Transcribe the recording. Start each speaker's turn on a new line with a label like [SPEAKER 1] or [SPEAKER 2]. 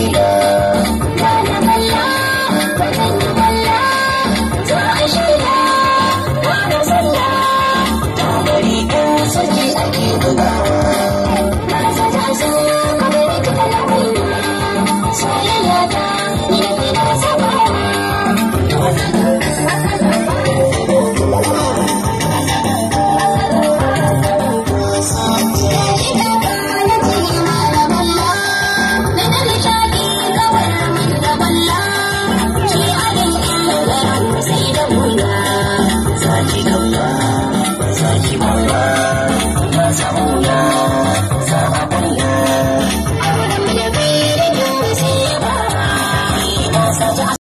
[SPEAKER 1] Yeah. Yeah.